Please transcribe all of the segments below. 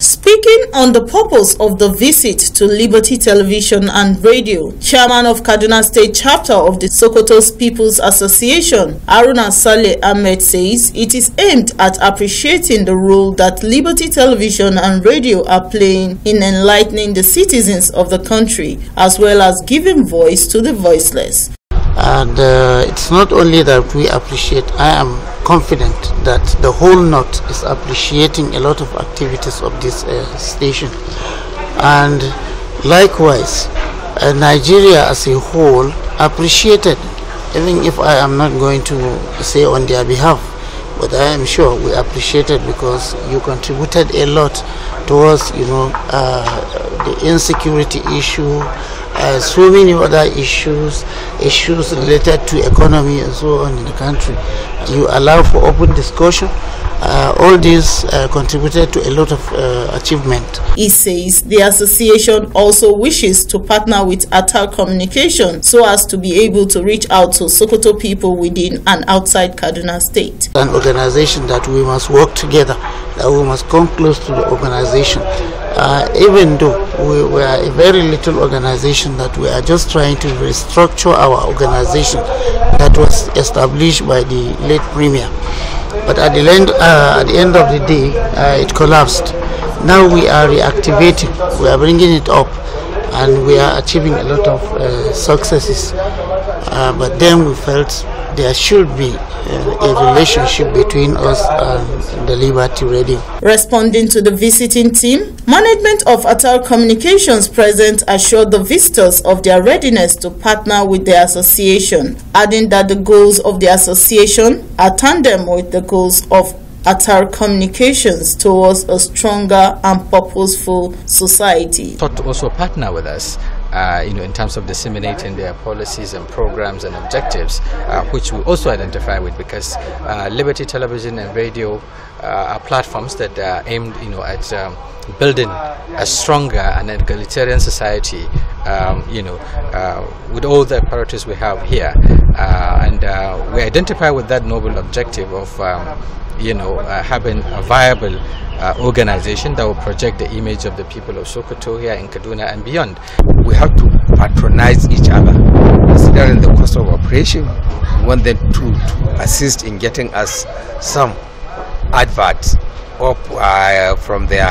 Speaking on the purpose of the visit to Liberty Television and Radio, Chairman of Kaduna State Chapter of the Sokoto's People's Association, Aruna Saleh Ahmed says it is aimed at appreciating the role that Liberty Television and Radio are playing in enlightening the citizens of the country as well as giving voice to the voiceless and uh, it's not only that we appreciate i am confident that the whole north is appreciating a lot of activities of this uh, station and likewise uh, nigeria as a whole appreciated even if i am not going to say on their behalf but i am sure we appreciated because you contributed a lot towards you know uh, the insecurity issue uh, so many other issues, issues related to economy and so on in the country. You allow for open discussion. Uh, all these uh, contributed to a lot of uh, achievement. He says the association also wishes to partner with Atal Communication so as to be able to reach out to Sokoto people within and outside Kaduna State. An organization that we must work together, that we must come close to the organization. Uh, even though we, we, are a very little organization that we are just trying to restructure our organization that was established by the late premier but at the end, uh, at the end of the day uh, it collapsed now we are reactivating we are bringing it up and we are achieving a lot of uh, successes. Uh, but then we felt there should be uh, a relationship between us and the Liberty Radio. Responding to the visiting team, management of Atal Communications present assured the visitors of their readiness to partner with the association, adding that the goals of the association are tandem with the goals of at our Communications towards a stronger and purposeful society. to also partner with us uh, you know, in terms of disseminating their policies and programs and objectives, uh, which we also identify with because uh, Liberty Television and Radio uh, are platforms that are aimed, you know, at um, building a stronger and egalitarian society um, you know, uh, with all the apparatus we have here. Uh, and uh, we identify with that noble objective of, um, you know, uh, having a viable uh, organization that will project the image of the people of Sokoto here in Kaduna and beyond. We have to patronize each other. Considering the cost of operation, we want them to, to assist in getting us some adverts up uh, from their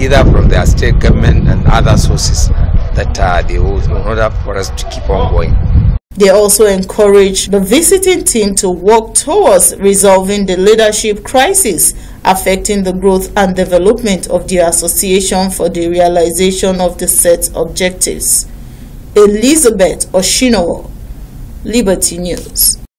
either from their state government and other sources that uh, they will in order for us to keep on going. They also encourage the visiting team to work towards resolving the leadership crisis affecting the growth and development of the association for the realization of the set objectives. Elizabeth Oshinowo, Liberty News.